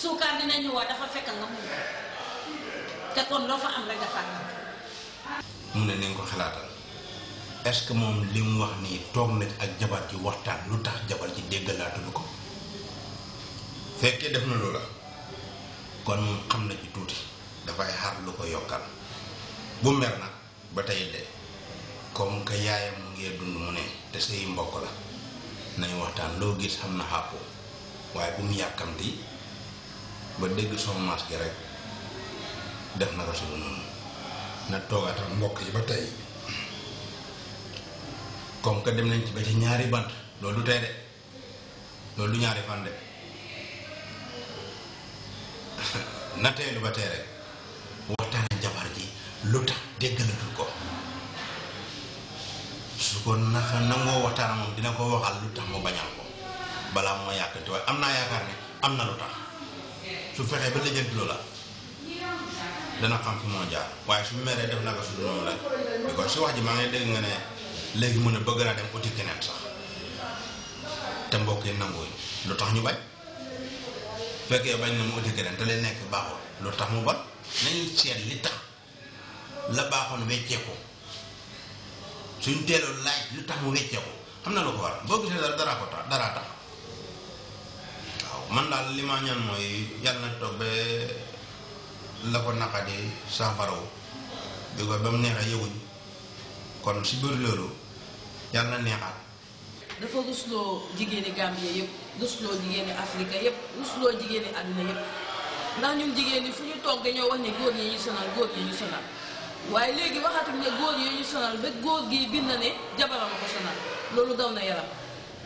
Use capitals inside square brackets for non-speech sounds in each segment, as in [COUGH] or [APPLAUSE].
suukaar dina ñëwaat dafa fekk nga mun mu ne nañ ko xalaatal est-ce que moom li wax nii toog na ak jabar ji waxtaan lu tax jabar ji déggalaatuñu ko fekkee def na lu la kon moom xam na ci tuuti dafay xaar lu ko yokkal bu mer nag ba tey de comme que yaayam mu ngee dund mu ne te say mbokk la nañ waxtaan loo gis xam na xàppoo waaye bu mu yàkkamti ba dégg chômage gi rek def na ko si noonu na toogaat mbokk yi ba tey comme que dem nañ ci ba ci ñaari bant loolu tey de loolu du ñaari fan de [LAUGHS] na tey lu ba tey rek waxtaan jabar ji lu tax déggalatul ko su ko naka nangoo waxtaan moom dina ko waxal lu tax mu bañal ko balaa moo yàkkanti waaye am naa yaakaar ne am na lu tax su fexee ba lijjanti loola dana xam fi moo jaar waaye su meree def naka su noonu la because si wax ji maa ngi dégg nga ne léegi mën a bëgg naa dem uti keneen sax te mbokk yi lu tax ñu bañ fekkee bañ na mu uti keneen te lay nekk baaxul lu tax mu bon nañu seet li tax la baaxoon wecceeku suñ teeloon laaj lu tax mu wecceeku xam na lu ko war boo gisee dara dara ko tax dara tax man dal li ma ñaan moy yalla na toog la ko naqadi saafaraw bi ko bam neexa yewuñ kon ci biir lolu yalla neexa neexaat dafa rusloo jigéeni gambie yëpp rusloo jigéeni afrika yep rusloo jigéeni aduna yëpp ndax ñun jigéen fu ñu tok dañoo wax ni goor yi sonal goor yi sonal waye legi waxatu ne goor yi ñu sonal be goor gi bind na ne jabaram ko sonal lolu daw na yaram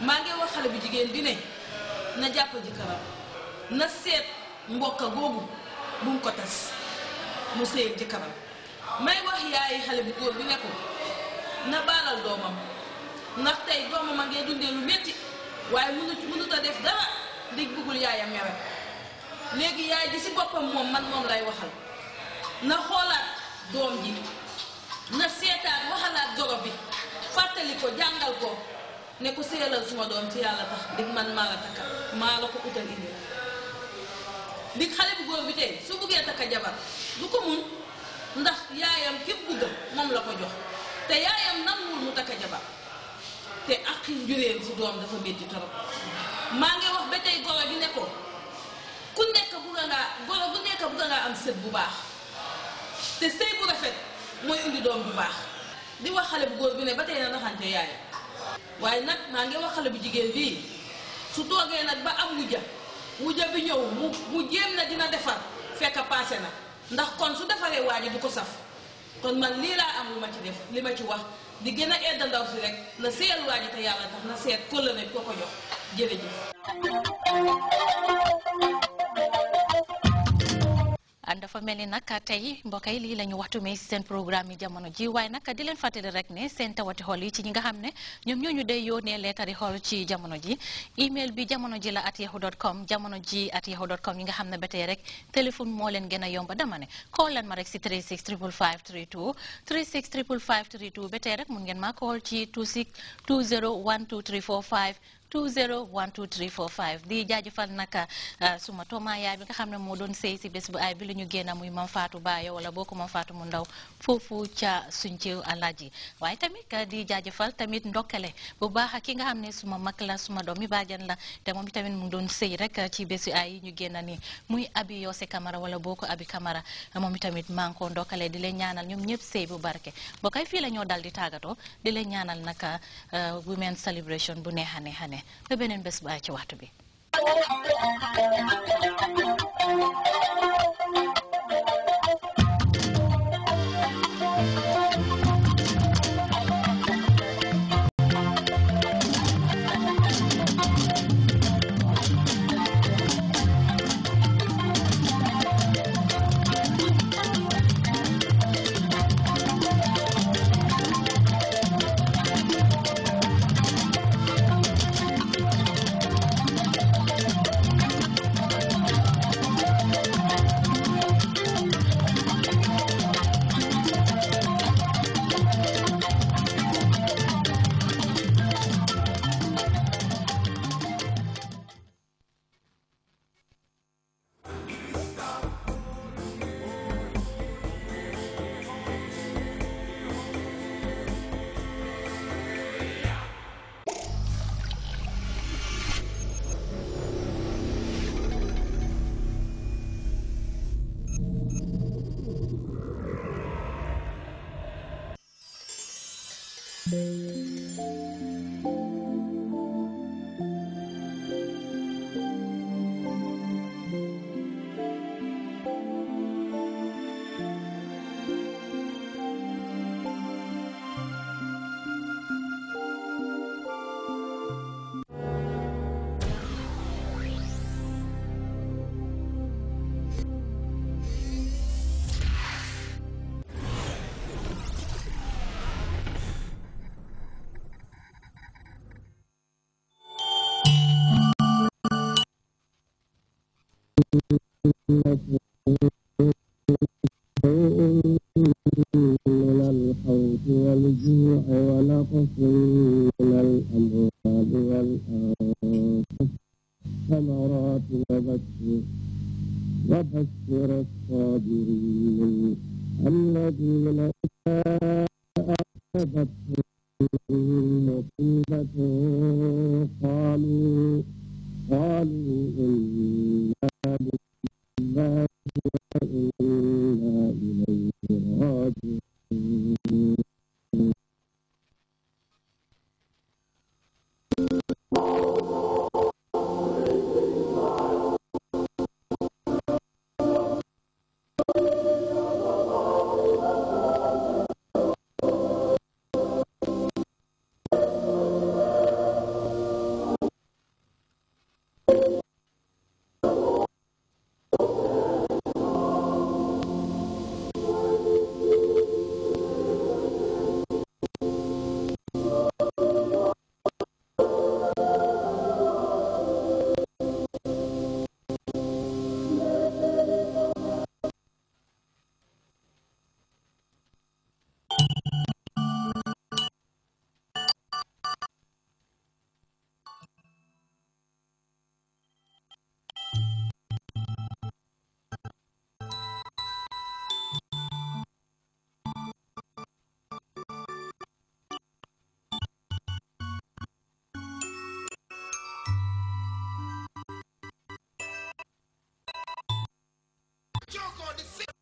ma ngi wax xale bu bi ne na jàpp jëkkëram na seet mbokka boobu bu mu ko tas mu sëyeeg jëkkëram may wax yaayi xale bu góor bi ne na baalal doomam ndax tey doomam a ngee dundee lu métti waaye mënut mënut a def dara dig bëggul yaayam mere léegi yaay ji si boppam moom man moom lay waxal na xoolaat doom ji na seetaat waxalaat doro bi fàttali ko jàngal ko ne ko séyalal suma doom ci yàlla tax dig man maa la takka maa la ko utal indi dig xale bu góor bi tey su buggee takka jabar du ko mun ndax yaayam képp bëggam moom la ko jox te yaayam nanguwul mu takka jabar te ak njureen si doom dafa métti torop maa ngi wax ba tey goro bi ne ko ku nekk bugg ngaa goro bu nekk bugg ngaa am sët bu baax te sëy bu rafet mooy indi doom bu baax di wax xale bu góor bi ne ba tey na naxante yaayam waaye nag maa ngi wax xale bu jigéen bii su toogee nag ba am wujja wujja bi ñëw mu mu jéem na dina defar fekk paase na ndax kon su defaree waa ji du ko saf kon man lii laa am lu ma ci def li ma ci wax di gën a edda ndaw si rek na seeyal waa ji te yàlla tax na seet kóllëre koo ko jox jërëjëf mel ni nag tey mbokk yi lii la ñu waxtu mi seen programme yi jamono ji waaye nag di leen fàttali rek ne seen tawati xol yi ci ñi nga xam ne ñoom ñoo ñu dee yónnee leetari xol ci jamono ji email bi jamono ji la at yahoo dot com jamono ji at yahoo dot com ñi nga xam ne ba tey rek téléphone moo leen gën a yomba dama ne call leen ma rek si 36 555 32 36 555 32 ba tey rek mun ngeen maa call ci 26 20 12 345 2012345 di jaajëfal nag uh, suma toma yaay bi nga xam ne moo doon sëy si bés bu ay bi lu ñu génn muy mam faatu baayo wala boo ko mam faatu mu ndaw foofu ca suñ ci alaaji waaye tamit uh, di jaajëfal tamit ndokkale bu baax ki nga xam ne suma mag la suma doom mi baajan la te moom tamit mu doon sëy rek uh, ci bésu ay yi ñu génn ni muy abi yoose camara wala boo ko abi camara moom tamit maa ngi ko ndokkale di leen ñaanal ñoom ñëpp sëy bu barke boo koy fii la ñoo dal di tàggatoo di leen ñaanal nag women celebration bu neexa neexa ne ba beneen bés baa ci waxtu bi Música من الخوف من الأموال والأنفس ثمرات وبشر وبشر الصابرين الذين إذا أصابتهم You're gonna see.